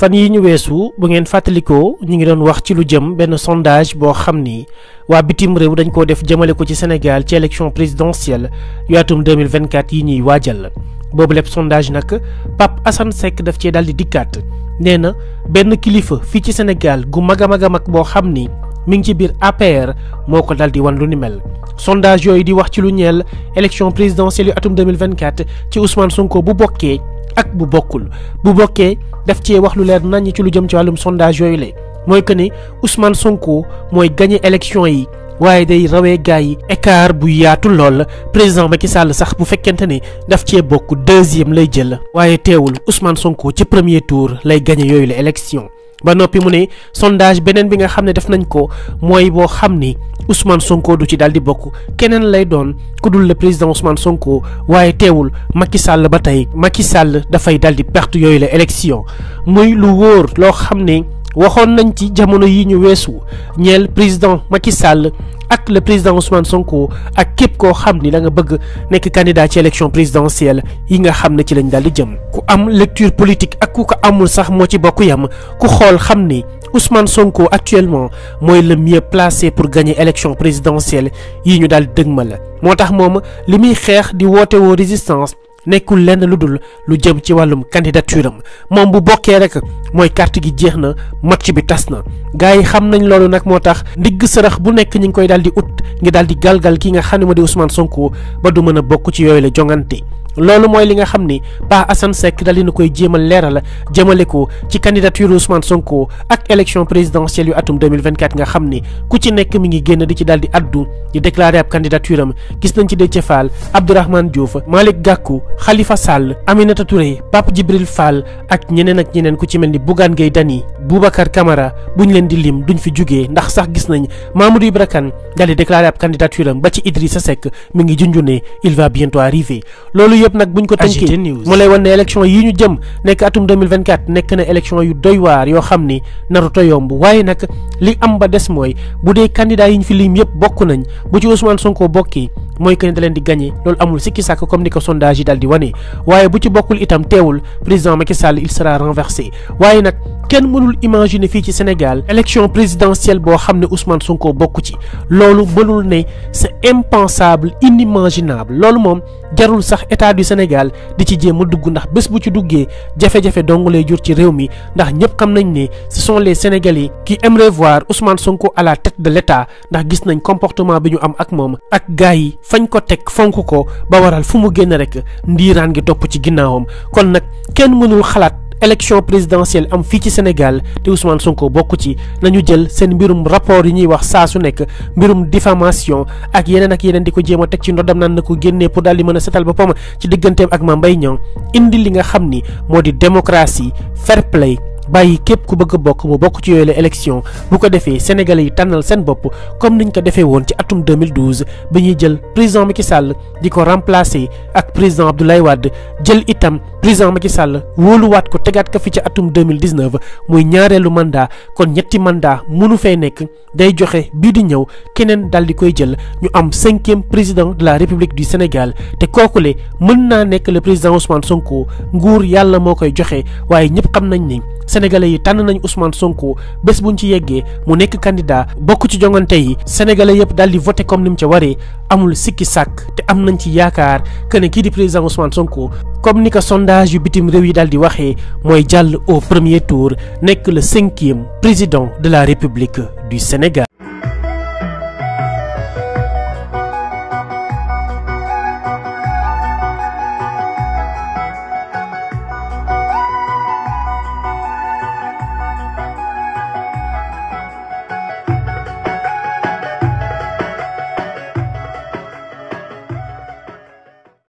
fan yi ñu weesu bu ngeen fàttalikoo ñu ngi doon wax ci lu jëm benn sondage boo xam ni waa bitim réew dañ koo def jëmale ko ci Sénégal ci élection présidentielle yu atum 2024 yi ñuy waajal la boobu lépp sondage nag pap assan Seck daf cee daal di dikkaat nee na benn kilifa fii ci Sénégal gu mag a mag a mag boo xam ni mi ngi ci biir APR moo ko daal di wan lu ni mel sondage yooyu di wax ci lu ñeel élection présidentielle yu atum 2024 ci Ousmane Sonko bu bokkee. ak bu bokkul bu bokkee daf cee wax lu leer naññ ci lu jëm ci wàllum sondage yooyu le mooy que ne Ousmane Sonko mooy gagné élection yi waaye day rawee gars yi écart bu yaatu lool président Macky Sall sax bu fekkente ni daf cee bokk deuxième lay jël waaye teewul Ousmane Sonko ci premier tour lay gagné yooyu la élection ba noppi mu ne sondage beneen bi nga xam ne def nañ ko mooy boo xam Ousmane Sonko du ci daal di bokk keneen lay doon ku dul le président Ousmane Sonko waaye teewul Macky Sall ba tey Macky Sall dafay daal di perte yooyu la élection muy lu wóor loo xam ne waxoon nañ ci jamono yi ñu weesu ñeel président Macky Sall ak le président Ousmane Sonko ak képp koo xam ni la nga bëgg nekk candidat ci élection présidentielle yi nga xam ne ci lañ daal di jëm. ku am lecture politique ak ku ko amul sax moo ci bokk yam ku xool xam ni. Ousmane Sonko actuellement moy le mieux placé pour gagner élection présidentielle yi ñu daal dëgmal moo tax moom li muy di woote wo résistance nekul lenn lu lu jëm ci walum candidature mom bu bokké rek moy carte gi jeexna match bi tasna gaay xam nañ lolu nak motax tax sarax bu nek ñing koy daal di ngi daal di galgal ki nga xam di Ousmane Sonko ba du mëna bokku ci yooyu la jongante loolu mooy li nga xam ni Pa Assane Seck dali na koy jéemal a leeral jëmale ko ci candidature Ousmane Sonko ak élection présidentielle yu atum 2024 nga xam ni ku ci nekk mi ngi génn di ci daal di addu di déclaré ab candidature am gis nañ ci Déthié Fall Abdourahmane Diouf Malick Gakou Khalifa Sall Aminata Touré Pape Djibril Fall ak ñeneen ak ñeneen ku ci mel ni ngay dan Dany bu Boubacar bu buñ leen di lim duñ fi jugee ndax sax gis nañ Mamadou Ibra Kane daal di ab candidature ba ci sa Seck mu ngi junj ne il va bientôt arriver loolu yëpp nag bu ñu ko tënkee mu lay wan ne yi ñu jëm nekk atum 2024 nekk na élection yu doy waar yoo xam ni naruto yomb waaye nag li am ba des mooy bu dee candidat yi ñu fi lim yëpp bokk nañ bu ci Ousmane Sonko bokkee mooy que ne da leen di gagné loolu amul sikki sàkk comme ni ko sondage yi daal di waaye bu ci bokkul itam teewul président Macky Sall il sera renversé nag Ken mënul imaginer fii ci Sénégal élection présidentielle boo Ousmane Sonko bokk ci loolu ne c'est impensable inimaginable loolu moom jarul sax état du Sénégal di ci jéem a dugg ndax bés bu ci duggee jafe-jafe dong jur ci ndax xam ce sont les Sénégalais qui aimeraient voir Ousmane Sonko à la tête de l'État ndax gis comportement bi ñu am ak ak gars yi fañ ko teg fonk ko ba waral fu génn élection présidentielle am fii ci Sénégal te Ousmane Sonko bokk ci nañu jël seen mbirum rapport yi ñuy wax saa su nekk mbirum diffamation ak yeneen ak yeneen di ko jéem a teg ci ndodam naan na ko génnee pour dal di mën a setal boppam ci digganteem ak Mame Mbaye Niang indi li nga xam ni moo di démocratie fair play bàyyi képp ku bëgg a bokk mu bokk ci yooyu la élection bu ko defee sénégalais yi tànnal seen bopp comme niñ ko defee woon ci atum 2012 bi ñuy jël président Macky Sall di ko remplacer ak président Abdoulaye Wade jël itam président Macky Sall wóoluwaat ko tegaat ko fi ci atum 2019 muy ñaareelu mandat kon ñetti mandat mënu fee nekk day joxe bii di ñëw keneen dal di koy jël ñu am cinquième président de la république du Sénégal te kooku le mën naa nekk le président Ousmane Sonko nguur yàlla moo koy joxe waaye ñëpp xam nañ ni sénégalais yi tànn nañ Ousmane Sonko bés bu ñu ci yeggee mu nekk candidat bokk ci jongante yi sénégale yëpp daal di voté comme ni mu ca waree amul sikki sàkk te am nañ ci yaakaar que kii di président Ousmane Sonko comme ni ko sondage yu bitim rew yi di au premier tour n'est que le cinquième président de la république du Sénégal